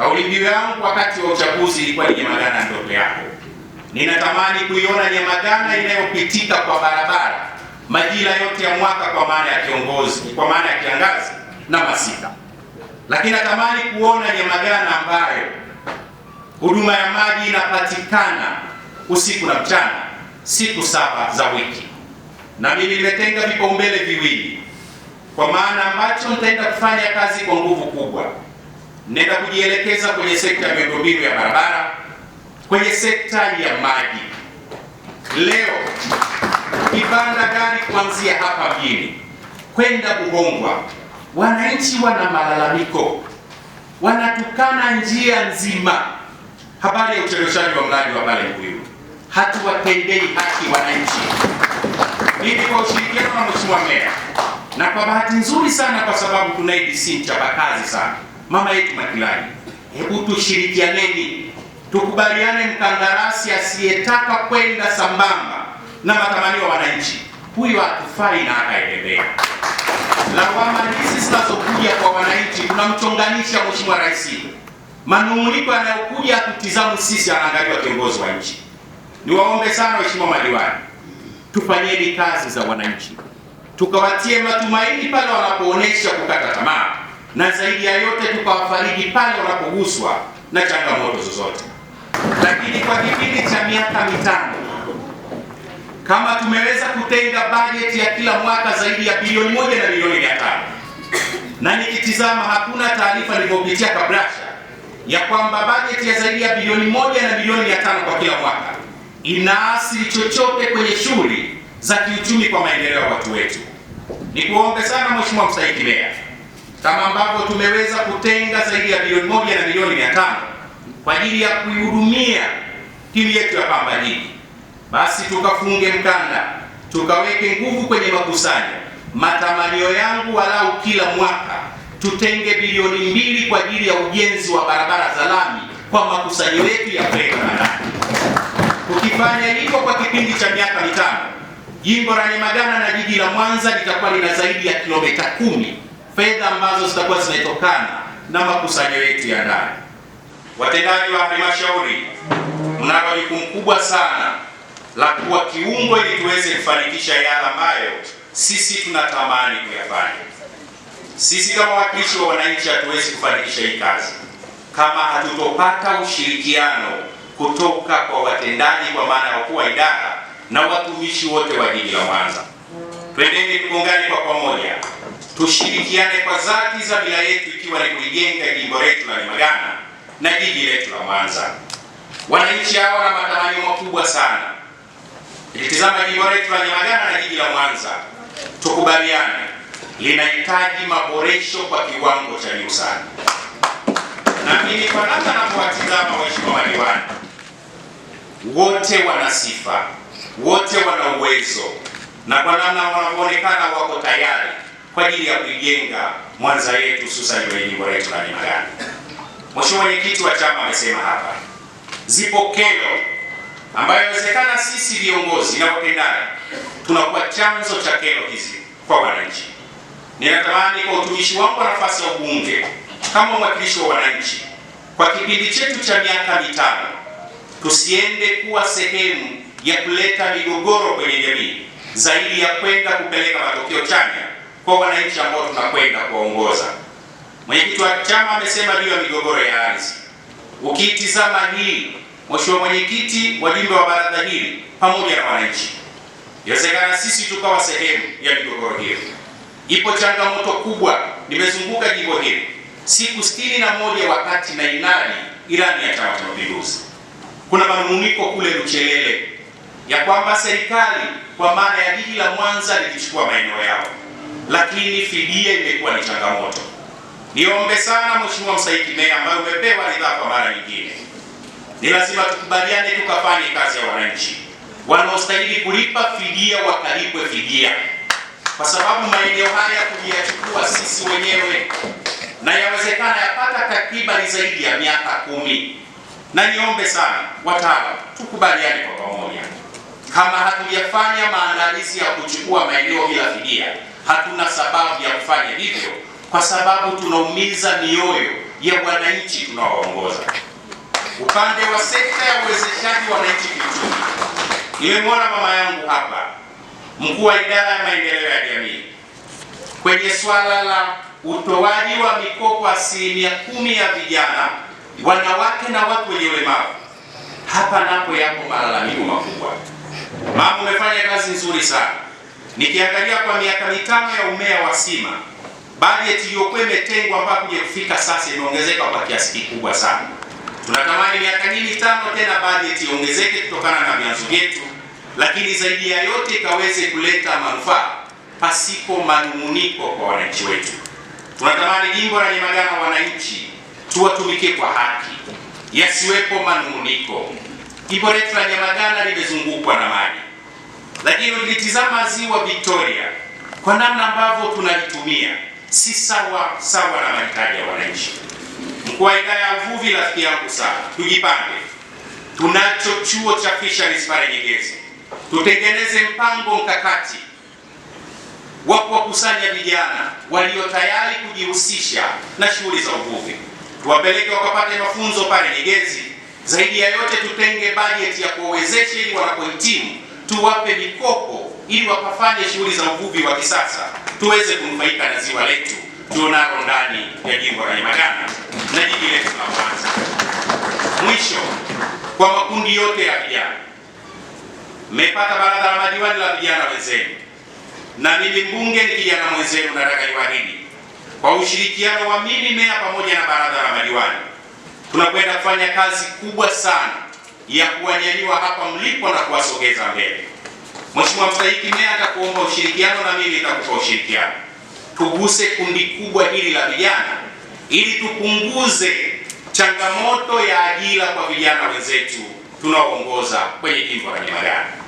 Kauli mbiu yangu wakati wa uchaguzi ilikuwa ni Nyamagana ndoto yako. Ninatamani kuiona Nyamagana inayopitika kwa barabara majira yote ya mwaka, kwa maana ya kiongozi, kwa maana ya kiangazi na masika. Lakini natamani kuona Nyamagana ambayo huduma ya maji inapatikana usiku na mchana, siku saba za wiki. Na mimi nimetenga vipaumbele viwili, kwa maana ambacho nitaenda kufanya kazi kwa nguvu kubwa nenda kujielekeza kwenye sekta ya miundombinu ya barabara, kwenye sekta ya maji. Leo kipanda gari kuanzia hapa mjini kwenda Buhongwa, wananchi wana malalamiko, wanatukana njia nzima. Habari ya ucheleweshaji wa mradi wa pale Mkuyu, hatuwatendei haki wananchi. Mimi kwa ushirikiano na mheshimiwa meya, na kwa bahati nzuri sana, kwa sababu tuna ADC mchapakazi sana mama yetu Makilani, hebu tushirikianeni, tukubaliane mkandarasi asiyetaka kwenda sambamba na matamanio ya wananchi, huyo hatufai na akaendelea. Lawama hizi zinazokuja kwa wananchi tunamchonganisha Mheshimiwa Rais. Manung'uniko yanayokuja kutizamu sisi, anaangaliwa kiongozi wa nchi. Niwaombe sana waheshimiwa madiwani, tufanyeni kazi za wananchi, tukawatie matumaini pale wanapoonesha kukata tamaa na zaidi ya yote tukawafariji pale wanapoguswa na changamoto zozote. Lakini kwa kipindi cha miaka mitano kama tumeweza kutenga bajeti ya kila mwaka zaidi ya bilioni moja na milioni mia tano na nikitizama hakuna taarifa nilivyopitia kabrasha ya kwamba bajeti ya zaidi ya bilioni moja na milioni mia tano kwa kila mwaka inaasili chochote kwenye shughuli za kiuchumi kwa maendeleo ya watu wetu. Nikuombe sana Mheshimiwa Mstahiki Meya kama ambavyo tumeweza kutenga zaidi ya bilioni moja na milioni mia tano kwa ajili ya kuihudumia timu yetu ya Pamba Jiji, basi tukafunge mkanda, tukaweke nguvu kwenye makusanyo. Matamanio yangu walau kila mwaka tutenge bilioni mbili kwa ajili ya ujenzi wa barabara za lami kwa makusanyo yetu ya kuweka Ukifanya Tukifanya hivyo kwa kipindi cha miaka mitano, jimbo la Nyamagana na jiji la Mwanza litakuwa lina zaidi ya kilomita kumi fedha ambazo zitakuwa zinatokana na makusanyo yetu ya ndani. Watendaji wa halmashauri, mnalo jukumu kubwa sana la kuwa kiungo ili tuweze kufanikisha yale ambayo sisi tunatamani kuyafanya. Sisi kama wawakilishi wa wananchi hatuwezi kufanikisha hii kazi kama hatutopata ushirikiano kutoka kwa watendaji, kwa maana ya wakuu wa idara na watumishi wote wa jiji la Mwanza. Twendeni tuungane kwa pamoja tushirikiane kwa dhati za bila yetu, ikiwa ni kulijenga jimbo letu la Nyamagana na jiji letu la Mwanza. Wananchi hawa wana matamanio makubwa sana. Nilitizama jimbo letu la Nyamagana na jiji la Mwanza, tukubaliane, linahitaji maboresho kwa kiwango cha juu sana, na mimi kwa namna nakuwatizama waheshimiwa madiwani wote wana sifa, wote wana uwezo na kwa namna wanavyoonekana wako tayari kwa ajili ya kuijenga Mwanza yetu hususani kwenye jimbo letu la Nyamagana. Mheshimiwa mwenyekiti wa chama amesema hapa, zipo kero ambayo inawezekana sisi viongozi na watendaji tunakuwa chanzo cha kero hizi kwa wananchi. Ninatamani kwa utumishi wangu wa nafasi ya ubunge kama mwakilishi wa wananchi kwa kipindi chetu cha miaka mitano tusiende kuwa sehemu ya kuleta migogoro kwenye jamii zaidi ya kwenda kupeleka matokeo chanya kwa wananchi ambao tunakwenda kuwaongoza. Mwenyekiti wa chama amesema juu ya migogoro ya ardhi. Ukiitizama hii, mheshimiwa mwenyekiti, wajumbe wa baraza hili pamoja na wananchi, inawezekana sisi tukawa sehemu ya migogoro hiyo. Ipo changamoto kubwa, nimezunguka jimbo hili siku sitini na moja wakati na inani ilani ya Chama cha Mapinduzi. Kuna manunguniko kule Luchelele ya kwamba serikali kwa maana ya jiji la Mwanza lilichukua maeneo yao lakini fidia imekuwa ni changamoto. Niombe sana Mheshimiwa msaidizi Meya ambaye umepewa ridhaa kwa mara nyingine, ni lazima tukubaliane tukafanye kazi ya wananchi. Wanaostahili kulipa fidia wakalipwe fidia, kwa sababu maeneo haya kujiyachukua sisi wenyewe, na yawezekana yapata takriban zaidi ya miaka kumi, na niombe sana wataalam, tukubaliane kwa pamoja, kama hatujafanya maandalizi ya kuchukua maeneo bila fidia hatuna sababu ya kufanya hivyo, kwa sababu tunaumiza mioyo ya wananchi tunaoongoza. Upande wa sekta ya uwezeshaji wananchi kiuchumi, nimemwona mama yangu hapa, mkuu wa idara ya maendeleo ya jamii, kwenye swala la utoaji wa mikopo asilimia kumi ya vijana, wanawake na watu wenye ulemavu. Hapa napo yapo malalamiko makubwa. Mama, umefanya kazi nzuri sana Nikiangalia kwa miaka mitano ya umea wa Sima, bajeti iliyokuwa imetengwa mpaka kuja kufika sasa imeongezeka kwa kiasi kikubwa sana. Tunatamani miaka hii mitano tena bajeti iongezeke kutokana na vyanzo vyetu, lakini zaidi ya yote ikaweze kuleta manufaa pasipo manunguniko kwa wananchi wetu. Tunatamani jimbo la Nyamagana wananchi tuwatumike kwa haki, yasiwepo manunguniko. Jimbo letu la Nyamagana limezungukwa na maji lakini ukitizama ziwa Victoria kwa namna ambavyo tunalitumia si sawa sawa na mahitaji ya wananchi. Mkuu wa idara ya uvuvi, rafiki yangu sana, tujipange. Tunacho chuo cha fisheries pale Nyegezi, tutengeneze mpango mkakati wa kuwakusanya vijana walio tayari kujihusisha na shughuli za uvuvi, tuwapeleke wakapate mafunzo pale Nyegezi. Zaidi ya yote, tutenge bajeti ya kuwawezesha ili wanapohitimu tuwape mikopo ili wakafanye shughuli za uvuvi wa kisasa, tuweze kunufaika na ziwa letu tuonalo ndani ya jimbo la Nyamagana na jiji letu la Mwanza. Mwisho, kwa makundi yote ya vijana, mmepata baraza la madiwani la vijana wenzenu, na mimi mbunge ni kijana mwenzenu. Nataka niwaahidi kwa ushirikiano wa mimi meya pamoja na baraza la madiwani tunakwenda kufanya kazi kubwa sana ya kuwanyanyua hapa mlipo na kuwasogeza mbele. Mheshimiwa Mstahiki Meya atakuomba ushirikiano na mimi nitakupa ushirikiano, tuguse kundi kubwa hili la vijana ili tupunguze changamoto ya ajira kwa vijana wenzetu tunaoongoza kwenye jimbo la Nyamagana.